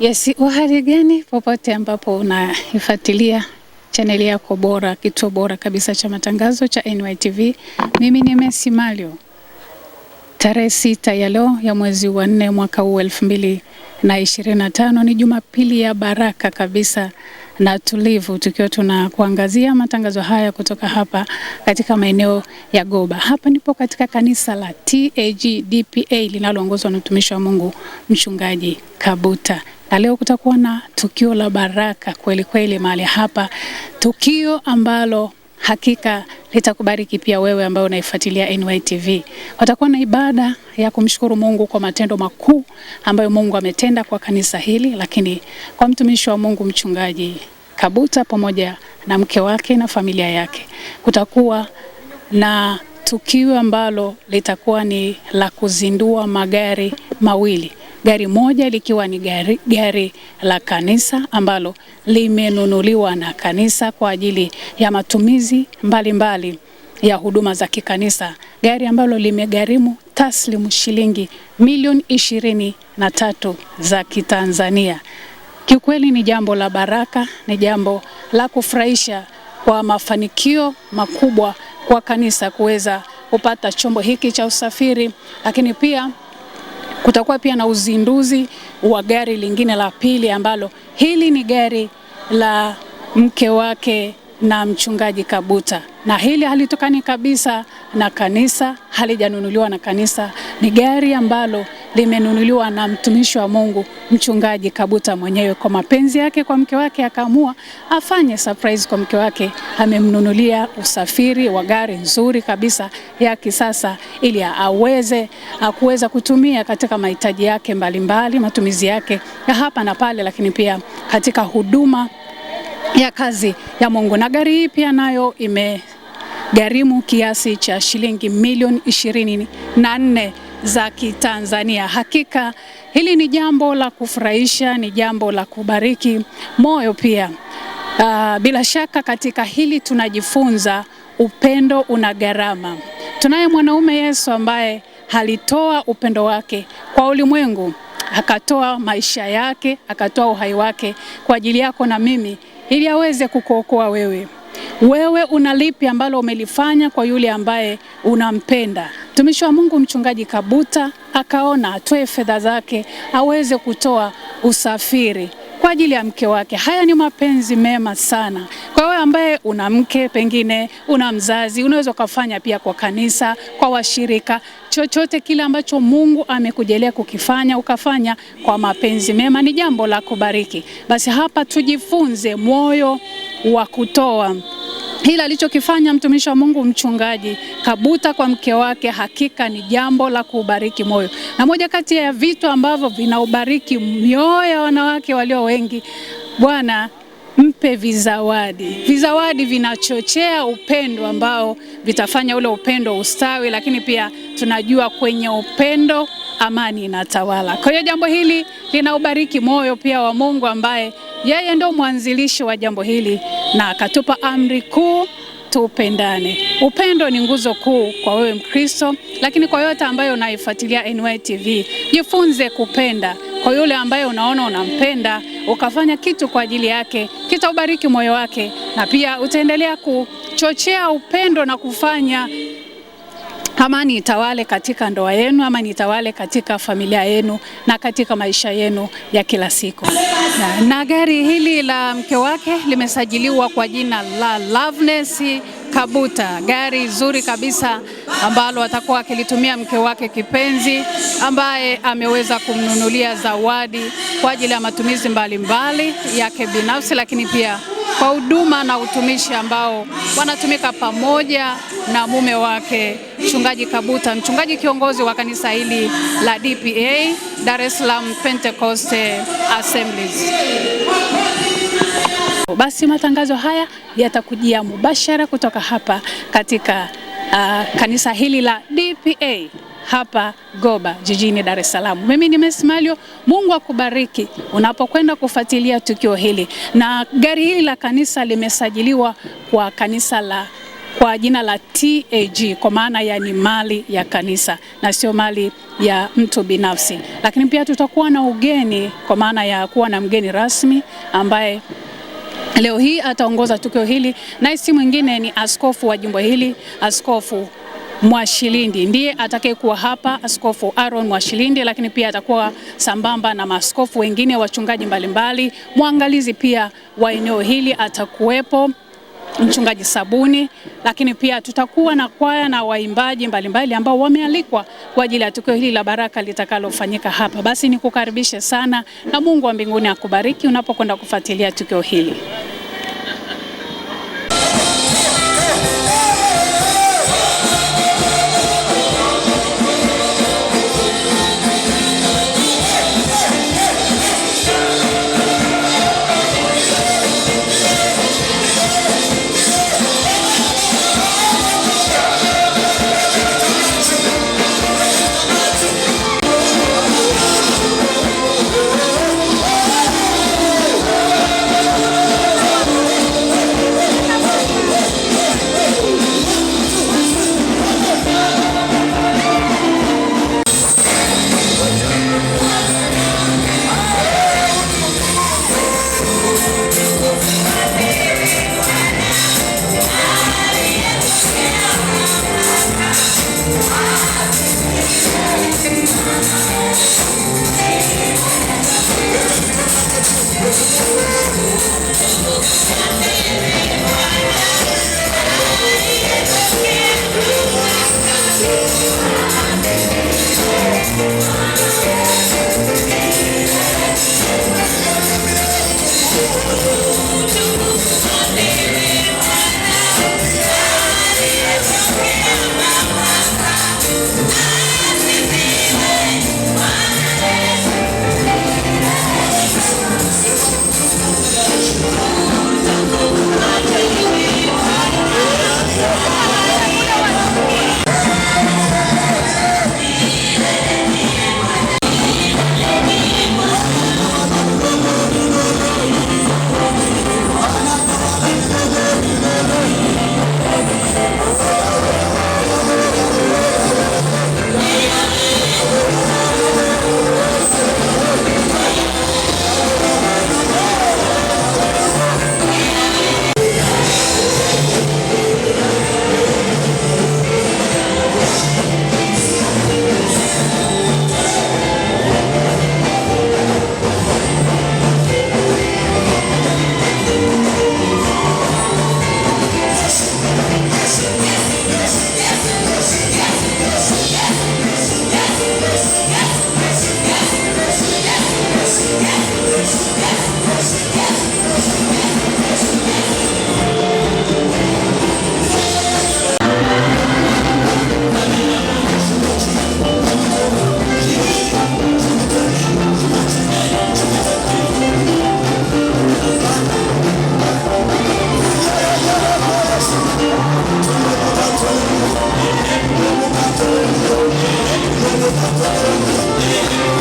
Yes, wahali gani popote ambapo unaifuatilia chaneli yako bora, kituo bora kabisa cha matangazo cha NYTV. Mimi ni Messi Malio. Tarehe sita ya leo ya mwezi wa nne mwaka huu elfu mbili na ishirini na tano ni Jumapili ya baraka kabisa na tulivu, tukiwa tuna kuangazia matangazo haya kutoka hapa katika maeneo ya Goba. Hapa nipo katika kanisa la TAG DPA linaloongozwa na mtumishi wa Mungu Mchungaji Kabuta na leo kutakuwa na tukio la baraka kweli kweli mahali hapa, tukio ambalo hakika litakubariki pia wewe ambaye unaifuatilia NYTV. Watakuwa na ibada ya kumshukuru Mungu kwa matendo makuu ambayo Mungu ametenda kwa kanisa hili, lakini kwa mtumishi wa Mungu Mchungaji Kabuta pamoja na mke wake na familia yake. Kutakuwa na tukio ambalo litakuwa ni la kuzindua magari mawili gari moja likiwa ni gari, gari la kanisa ambalo limenunuliwa na kanisa kwa ajili ya matumizi mbalimbali mbali ya huduma za kikanisa, gari ambalo limegharimu taslimu shilingi milioni ishirini na tatu za Kitanzania. Kiukweli ni jambo la baraka, ni jambo la kufurahisha kwa mafanikio makubwa kwa kanisa kuweza kupata chombo hiki cha usafiri, lakini pia Kutakuwa pia na uzinduzi wa gari lingine la pili ambalo hili ni gari la mke wake na mchungaji Kabuta, na hili halitokani kabisa na kanisa, halijanunuliwa na kanisa, ni gari ambalo limenunuliwa na mtumishi wa Mungu mchungaji Kabuta mwenyewe kwa mapenzi yake kwa mke wake, akaamua afanye surprise kwa mke wake. Amemnunulia usafiri wa gari nzuri kabisa ya kisasa ili aweze kuweza kutumia katika mahitaji yake mbalimbali mbali, matumizi yake ya hapa na pale, lakini pia katika huduma ya kazi ya Mungu. Na gari hii pia nayo ime kiasi cha shilingi milioni ishirini na nne za Kitanzania. Hakika hili ni jambo la kufurahisha, ni jambo la kubariki moyo pia. Uh, bila shaka katika hili tunajifunza upendo una gharama. Tunaye mwanaume Yesu ambaye halitoa upendo wake kwa ulimwengu, akatoa maisha yake, akatoa uhai wake kwa ajili yako na mimi, ili aweze kukuokoa wewe. Wewe una lipi ambalo umelifanya kwa yule ambaye unampenda? Mtumishi wa Mungu Mchungaji Kabuta akaona atoe fedha zake aweze kutoa usafiri kwa ajili ya mke wake. Haya ni mapenzi mema sana. Kwa wewe ambaye una mke, pengine una mzazi, unaweza ukafanya pia kwa kanisa, kwa washirika, chochote kile ambacho Mungu amekujalia kukifanya ukafanya kwa mapenzi mema, ni jambo la kubariki. Basi hapa tujifunze moyo wa kutoa. Hili alichokifanya mtumishi wa Mungu mchungaji Kabuta kwa mke wake hakika ni jambo la kuubariki moyo, na moja kati ya vitu ambavyo vinaubariki mioyo ya wanawake walio wengi, Bwana mpe vizawadi. Vizawadi vinachochea upendo ambao vitafanya ule upendo ustawi, lakini pia tunajua kwenye upendo amani inatawala. Kwa hiyo jambo hili linaubariki moyo pia wa Mungu ambaye yeye ndio mwanzilishi wa jambo hili na akatupa amri kuu tupendane. Upendo ni nguzo kuu kwa wewe Mkristo, lakini kwa yote ambayo unaifuatilia NY TV, jifunze kupenda kwa yule ambaye unaona unampenda, ukafanya kitu kwa ajili yake, kitaubariki moyo wake, na pia utaendelea kuchochea upendo na kufanya amani itawale katika ndoa yenu, amani itawale katika familia yenu na katika maisha yenu ya kila siku. Na, na gari hili la mke wake limesajiliwa kwa jina la Loveness Kabuta, gari zuri kabisa ambalo atakuwa akilitumia mke wake kipenzi, ambaye ameweza kumnunulia zawadi kwa ajili ya matumizi mbalimbali yake binafsi, lakini pia kwa huduma na utumishi ambao wanatumika pamoja na mume wake Mchungaji Kabuta, mchungaji kiongozi wa kanisa hili la DPA Dar es Salaam Pentecost Assemblies. Basi matangazo haya yatakujia mubashara kutoka hapa katika uh, kanisa hili la DPA hapa Goba jijini Dar es Salaam. Mimi ni Messi Malio. Mungu akubariki unapokwenda kufuatilia tukio hili, na gari hili la kanisa limesajiliwa kwa kanisa la kwa jina la TAG kwa maana ya ni mali ya kanisa na sio mali ya mtu binafsi. Lakini pia tutakuwa na ugeni kwa maana ya kuwa na mgeni rasmi ambaye leo hii ataongoza tukio hili, naye si mwingine ni askofu wa jimbo hili, Askofu Mwashilindi ndiye atakayekuwa hapa, Askofu Aaron Mwashilindi, lakini pia atakuwa sambamba na maaskofu wengine, wachungaji mbalimbali, mwangalizi pia wa eneo hili atakuwepo mchungaji Sabuni, lakini pia tutakuwa na kwaya na waimbaji mbalimbali ambao wamealikwa kwa ajili ya tukio hili la baraka litakalofanyika hapa. Basi nikukaribishe sana na Mungu wa mbinguni akubariki unapokwenda kufuatilia tukio hili. Thank you.